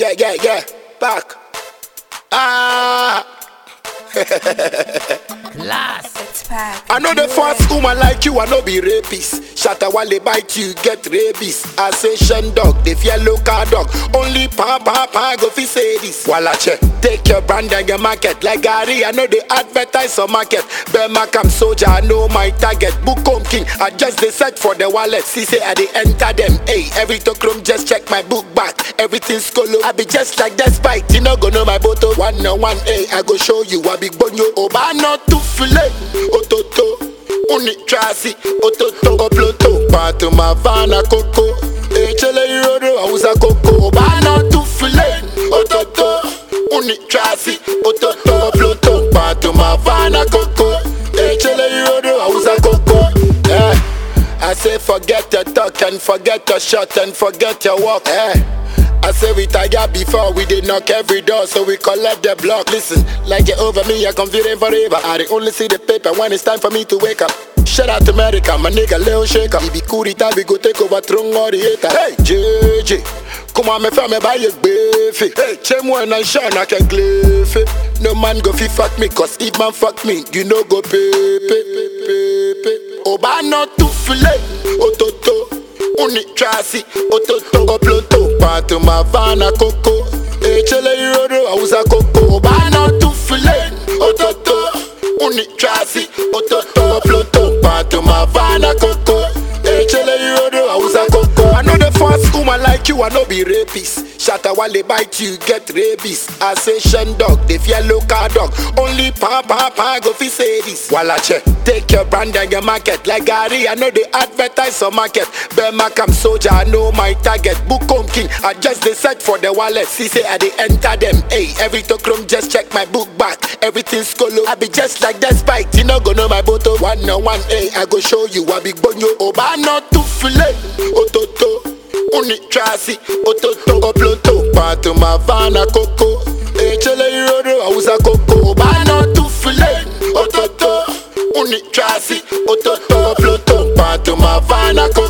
yeah, yeah, yeah, back. Ah. Class. I know the first woman like you, I know be rapist. Shatter while they bite you, get rabies. Assassin dog, the yellow car dog. Only Papa pa go fi say this. Walla check, take your brand and your market. Like Gary, I know they advertise on market. i come soldier, I know my target. Book home king, I just they set for the wallet. See say I they enter them. Hey, every tokrom just check my book back. Everything's colo. I be just like that spike. You know go know my bottle. One on one, hey, I go show you. I be igbonyo obana tufule ototo unitrasi ototo obloto patumavana koko echele irodo hausa koko obana tufule ototo unitrasi ototo obloto patumavana koko echele irodo hausa koko eh. I say forget your talk and forget your shot and forget your walk eh. I say we tired before we did knock every door, so we collect the block. Listen, like it over me, I feeling forever. I only see the paper when it's time for me to wake up. Shout out to America, my nigga Leo Shaker. If we cool it we go take over throne or the hater. Hey, JJ, come on, me fam, me buy your beefy. Hey, Chemo and shine, I can glyph it. No man go fi fuck me, cause if man fuck me, you no go pay, pay, pay, pay, pay. Oba no too fillet, oto oh, only trasi ototongo ploto pato mavana koko echele irodo ausa koko bana tufile ototo only trasi ototongo ploto pato mavana koko echele irodo ausa koko i know the first woman like you i no be rapist Shatawale bite you, get rabies. Assassin dog, the fear local dog. Only papa, papa, go fi say this. Walache, take your brand and your market. Like Gary, I know they advertise on market. Bema come soldier, I know my target. Book Bukom king, I just they set for the wallet. See say I they enter them. Hey, every tokrom just check my book back. Everything's colo. I be just like that spike. You know go know my bottle. One on one, hey, I go show you. I be bonyo. Oba not to fillet. Ototo unitrasi ototongo ploto pato mavana koko echele irodo auza koko bana tufile ototo unitrasi ototongo ploto pato mavana koko